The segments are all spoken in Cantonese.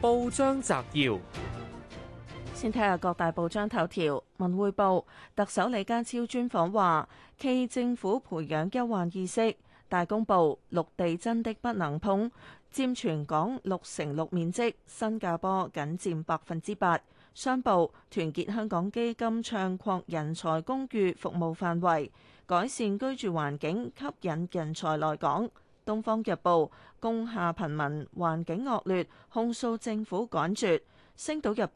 報章摘要，先睇下各大報章頭條。文匯報：特首李家超專訪話，暨政府培養憂患意識。大公報：綠地真的不能碰，占全港六成六面積，新加坡僅占百分之八。商報：團結香港基金暢擴人才公寓服務範圍，改善居住環境，吸引人才來港。《東方日報》工廈貧民環境惡劣，控訴政府趕絕；《星島日報》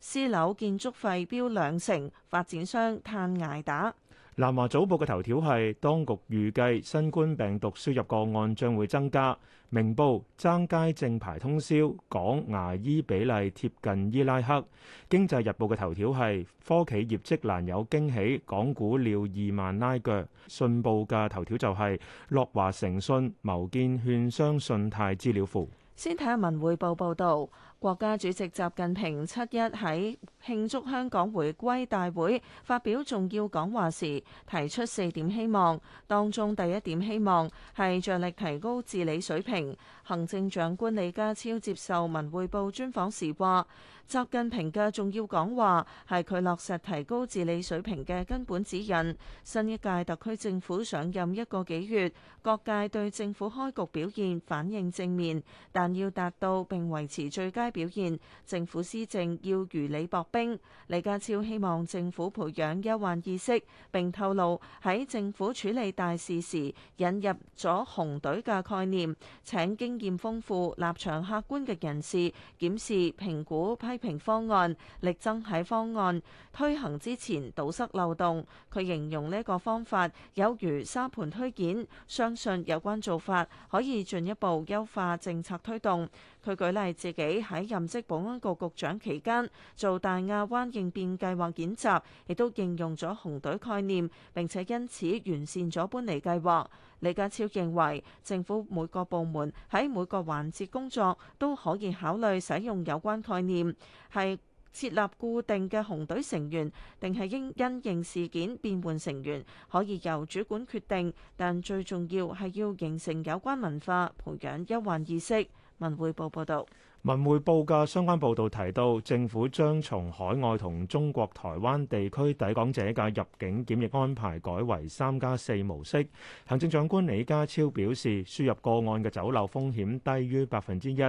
私樓建築費飆兩成，發展商嘆捱打。南華早報嘅頭條係當局預計新冠病毒輸入個案將會增加。明報爭街正牌通宵，港牙醫比例貼近伊拉克。經濟日報嘅頭條係科企業績難有驚喜，港股料二萬拉腳。信報嘅頭條就係樂華誠信謀建券商信貸資料庫。先睇下文匯報報道。國家主席習近平七一喺慶祝香港回歸大會發表重要講話時，提出四點希望，當中第一點希望係着力提高治理水平。行政長官李家超接受文匯報專訪時話，習近平嘅重要講話係佢落實提高治理水平嘅根本指引。新一屆特區政府上任一個幾月，各界對政府開局表現反應正面，但要達到並維持最佳表現政府施政要如履薄冰。李家超希望政府培養憂患意識，並透露喺政府處理大事時引入咗紅隊嘅概念，請經驗豐富、立場客觀嘅人士檢視、評估、批評方案，力爭喺方案推行之前堵塞漏洞。佢形容呢個方法有如沙盤推演，相信有關做法可以進一步優化政策推動。佢舉例，自己喺任職保安局局長期間做大亞灣應變計劃演習，亦都應用咗紅隊概念，並且因此完善咗搬離計劃。李家超認為，政府每個部門喺每個環節工作都可以考慮使用有關概念，係設立固定嘅紅隊成員，定係應因應事件變換成員，可以由主管決定。但最重要係要形成有關文化，培養憂患意識。文匯報報道，文匯報嘅相關報道提到，政府將從海外同中國台灣地區抵港者嘅入境檢疫安排改為三加四模式。行政長官李家超表示，輸入個案嘅走漏風險低於百分之一，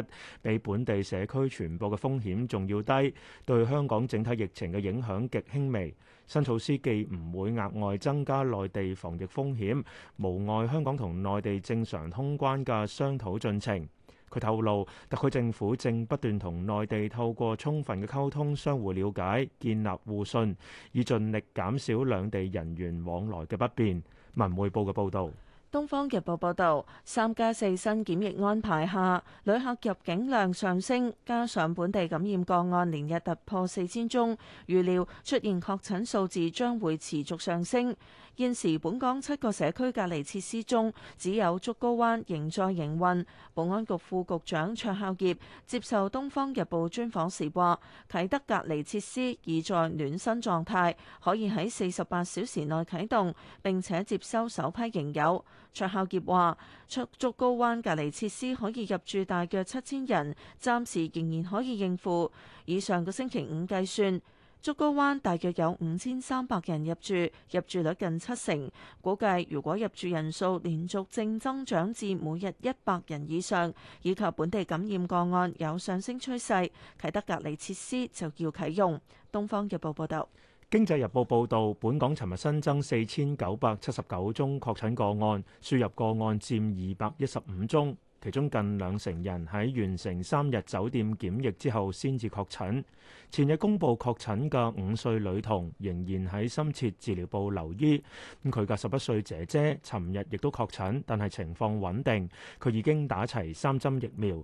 比本地社區傳播嘅風險仲要低，對香港整體疫情嘅影響極輕微。新措施既唔會額外增加內地防疫風險，無礙香港同內地正常通關嘅商討進程。佢透露，特區政府正不斷同內地透過充分嘅溝通，相互了解、建立互信，以盡力減少兩地人員往來嘅不便。文匯報嘅報導。《東方日報》報道，三加四新檢疫安排下，旅客入境量上升，加上本地感染個案連日突破四千宗，預料出現確診數字將會持續上升。現時本港七個社區隔離設施中，只有竹篙灣仍在營運。保安局副局長卓孝業接受《東方日報》專訪時話，啟德隔離設施已在暖身狀態，可以喺四十八小時內啟動，並且接收首批營友。卓孝傑話，竹篙灣隔離設施可以入住大約七千人，暫時仍然可以應付。以上個星期五計算，竹篙灣大約有五千三百人入住，入住率近七成。估計如果入住人數連續正增長至每日一百人以上，以及本地感染個案有上升趨勢，啟德隔離設施就要啟用。東方日報報道。經濟日報報道，本港尋日新增四千九百七十九宗確診個案，輸入個案佔二百一十五宗，其中近兩成人喺完成三日酒店檢疫之後先至確診。前日公布確診嘅五歲女童仍然喺深切治療部留醫，佢嘅十一歲姐姐尋日亦都確診，但係情況穩定，佢已經打齊三針疫苗。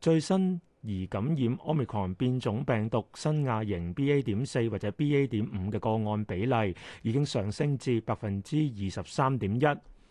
最新而感染 omicron 變種病毒新亞型 BA. 點四或者 BA. 點五嘅個案比例已經上升至百分之二十三點一。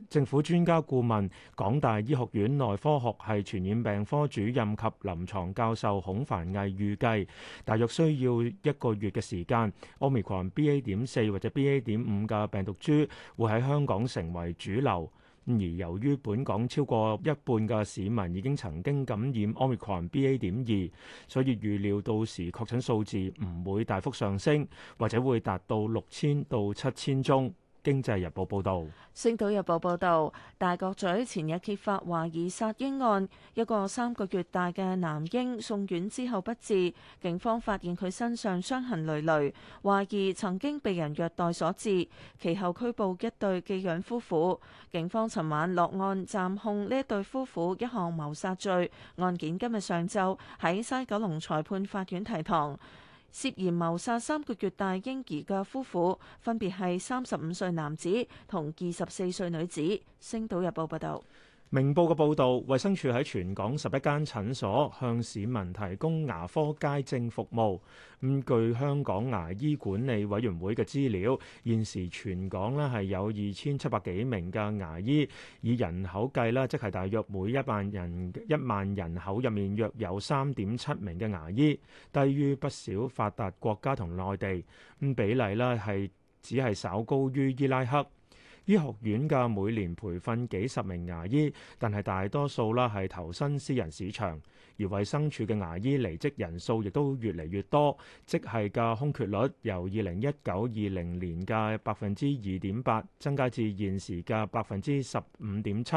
政府專家顧問、港大醫學院內科學系傳染病科主任及臨床教授孔凡毅預計，大約需要一個月嘅時間，omicron BA. 點四或者 BA. 點五嘅病毒株會喺香港成為主流。而由於本港超過一半嘅市民已經曾經感染 Omicron BA. 點二，所以預料到時確診數字唔會大幅上升，或者會達到六千到七千宗。《經濟日報》報導，《星島日報》報導，大角咀前日揭發懷疑殺嬰案，一個三個月大嘅男嬰送院之後不治，警方發現佢身上傷痕累累，懷疑曾經被人虐待所致，其後拘捕一對寄養夫婦。警方尋晚落案暫控呢一對夫婦一項謀殺罪，案件今日上晝喺西九龍裁判法院提堂。涉嫌謀殺三個月大嬰兒嘅夫婦，分別係三十五歲男子同二十四歲女子。星島日報報道。明報嘅報導，衞生署喺全港十一間診所向市民提供牙科街症服務。咁據香港牙醫管理委員會嘅資料，現時全港咧係有二千七百幾名嘅牙醫，以人口計啦，即係大約每一萬人，一萬人口入面約有三點七名嘅牙醫，低於不少發達國家同內地。咁比例啦係只係稍高於伊拉克。醫學院嘅每年培訓幾十名牙醫，但係大多數啦係投身私人市場，而衛生署嘅牙醫離職人數亦都越嚟越多，即係嘅空缺率由二零一九二零年嘅百分之二點八增加至現時嘅百分之十五點七。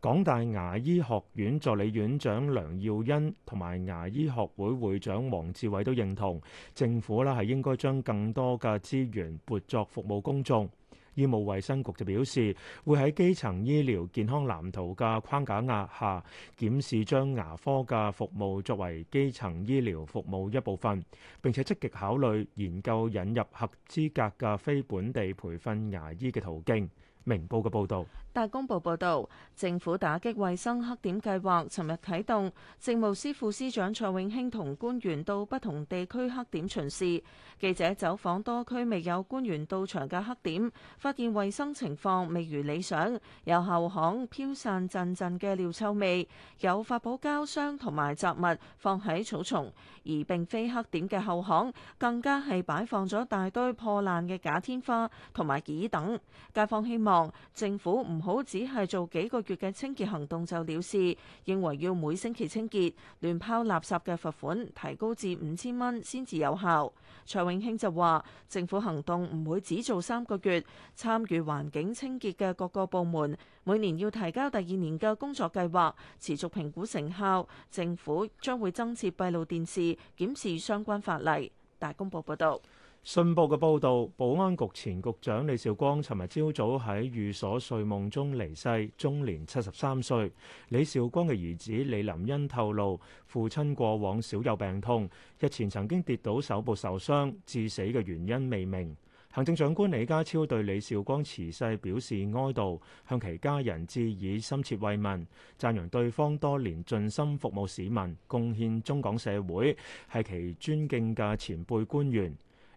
港大牙醫學院助理院長梁耀恩同埋牙醫學會會長黃志偉都認同，政府啦係應該將更多嘅資源撥作服務公眾。醫務衛生局就表示，會喺基層醫療健康藍圖嘅框架下，檢視將牙科嘅服務作為基層醫療服務一部分，並且積極考慮研究引入合資格嘅非本地培訓牙醫嘅途徑。明報嘅報導。大公報報導，政府打擊衛生黑點計劃，尋日啟動。政務司副司長蔡永興同官員到不同地區黑點巡視。記者走訪多區未有官員到場嘅黑點，發現衛生情況未如理想，有後巷飄散陣陣嘅尿臭味，有發泡膠箱同埋雜物放喺草叢，而並非黑點嘅後巷，更加係擺放咗大堆破爛嘅假天花同埋椅等。街坊希望政府唔。唔好只係做幾個月嘅清潔行動就了事，認為要每星期清潔，亂拋垃圾嘅罰款提高至五千蚊先至有效。蔡永興就話：政府行動唔會只做三個月，參與環境清潔嘅各個部門每年要提交第二年嘅工作計劃，持續評估成效。政府將會增設閉路電視，檢視相關法例。大公報報道。信報嘅報導，保安局前局長李少光尋日朝早喺寓所睡夢中離世，終年七十三歲。李少光嘅兒子李林恩透露，父親過往少有病痛，日前曾經跌倒手部受傷，致死嘅原因未明。行政長官李家超對李少光辭世表示哀悼，向其家人致以深切慰問，讚揚對方多年盡心服務市民，貢獻中港社會，係其尊敬嘅前輩官員。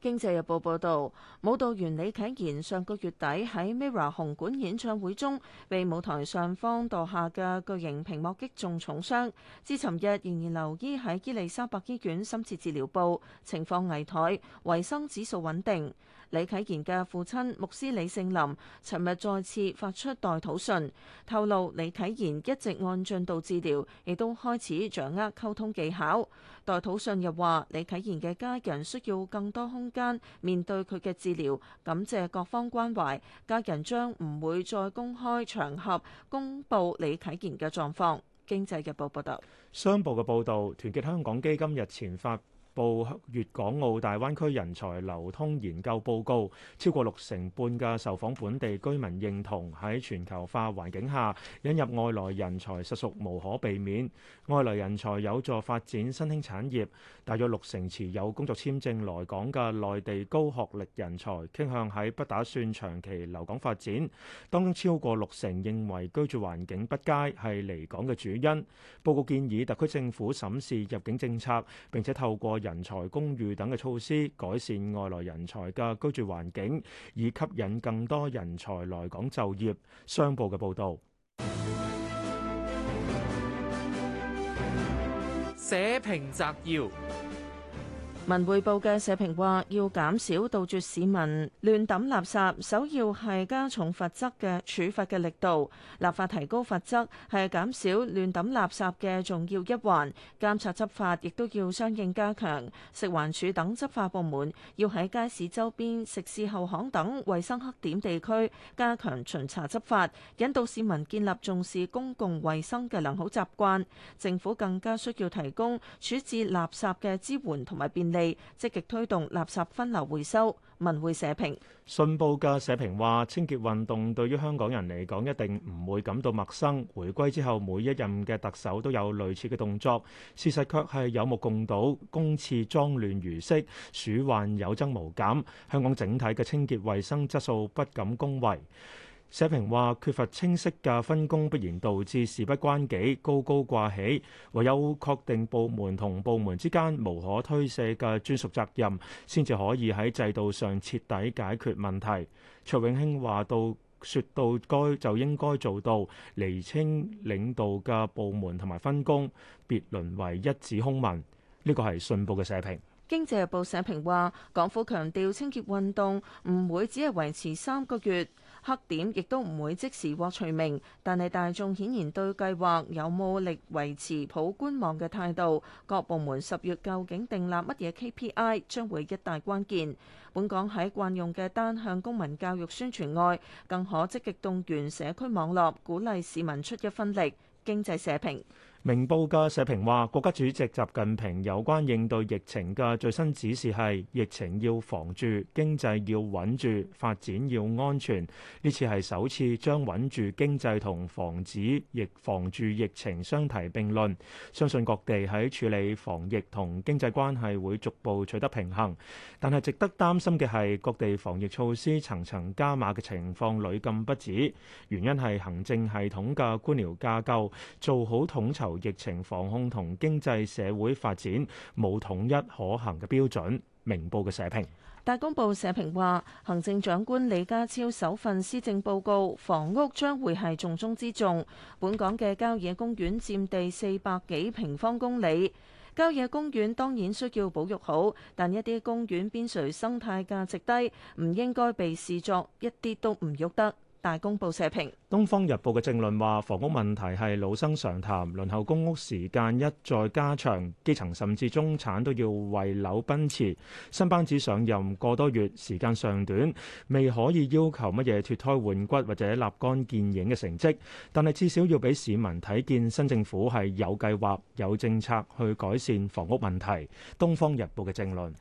《經濟日報》報導，舞蹈員李啟言上個月底喺 MIRROR 紅館演唱會中，被舞台上方墮下嘅巨型屏幕擊中重傷，至尋日仍然留醫喺伊利沙伯醫院深切治療部，情況危殆，維生指數穩定。李啟賢嘅父親牧師李聖林，尋日再次發出代禱信，透露李啟賢一直按進度治療，亦都開始掌握溝通技巧。代禱信又話：李啟賢嘅家人需要更多空間面對佢嘅治療，感謝各方關懷。家人將唔會再公開場合公布李啟賢嘅狀況。經濟日報報道，商報嘅報導，團結香港基金日前發。報粵港澳大灣區人才流通研究報告，超過六成半嘅受訪本地居民認同喺全球化環境下引入外來人才實屬無可避免，外來人才有助發展新興產業。大約六成持有工作簽證來港嘅內地高學歷人才傾向喺不打算長期留港發展，當中超過六成認為居住環境不佳係離港嘅主因。報告建議特區政府審視入境政策，並且透過。人才公寓等嘅措施，改善外來人才嘅居住環境，以吸引更多人才來港就業。商報嘅報道，社評摘要。文匯報嘅社評話，要減少杜絕市民亂抌垃圾，首要係加重罰則嘅處罰嘅力度。立法提高罰則係減少亂抌垃圾嘅重要一環。監察執法亦都要相應加強。食環署等執法部門要喺街市周邊、食肆後巷等衛生黑點地區加強巡查執法，引導市民建立重視公共衛生嘅良好習慣。政府更加需要提供處置垃圾嘅支援同埋便利。積極推動垃圾分流回收。文匯社評。信報嘅社評話：清潔運動對於香港人嚟講一定唔會感到陌生。回歸之後每一任嘅特首都有類似嘅動作，事實卻係有目共睹，公廁臟亂如昔，鼠患有增無減，香港整體嘅清潔衛生質素不敢恭維。社評話：缺乏清晰嘅分工，必然導致事不關己、高高掛起。唯有確定部門同部門之間無可推卸嘅專屬責任，先至可以喺制度上徹底解決問題。卓永興話到：説到該就應該做到，釐清領導嘅部門同埋分工，別淪為一紙空文。呢個係信報嘅社評。經濟日報社評話：港府強調，清潔運動唔會只係維持三個月。黑點亦都唔會即時獲除名，但係大眾顯然對計劃有冇力維持普觀望嘅態度，各部門十月究竟訂立乜嘢 KPI 將會一大關鍵。本港喺慣用嘅單向公民教育宣傳外，更可積極動員社區網絡，鼓勵市民出一分力，經濟社評。明報嘅社評話，國家主席習近平有關應對疫情嘅最新指示係：疫情要防住，經濟要穩住，發展要安全。呢次係首次將穩住經濟同防止疫防住疫情相提並論。相信各地喺處理防疫同經濟關係會逐步取得平衡。但係值得擔心嘅係，各地防疫措施層層加碼嘅情況屢禁不止。原因係行政系統嘅官僚架構做好統籌。疫情防控同經濟社會發展冇統一可行嘅標準，明報嘅社評。大公報社評話，行政長官李家超首份施政報告，房屋將會係重中之重。本港嘅郊野公園佔地四百幾平方公里，郊野公園當然需要保育好，但一啲公園邊陲生態價值低，唔應該被視作一啲都唔喐得。大公報社評《東方日報》嘅政論話：房屋問題係老生常談，輪候公屋時間一再加長，基層甚至中產都要為樓奔馳。新班子上任個多月時間尚短，未可以要求乜嘢脫胎換骨或者立竿見影嘅成績，但係至少要俾市民睇見新政府係有計劃、有政策去改善房屋問題。《東方日報》嘅政論。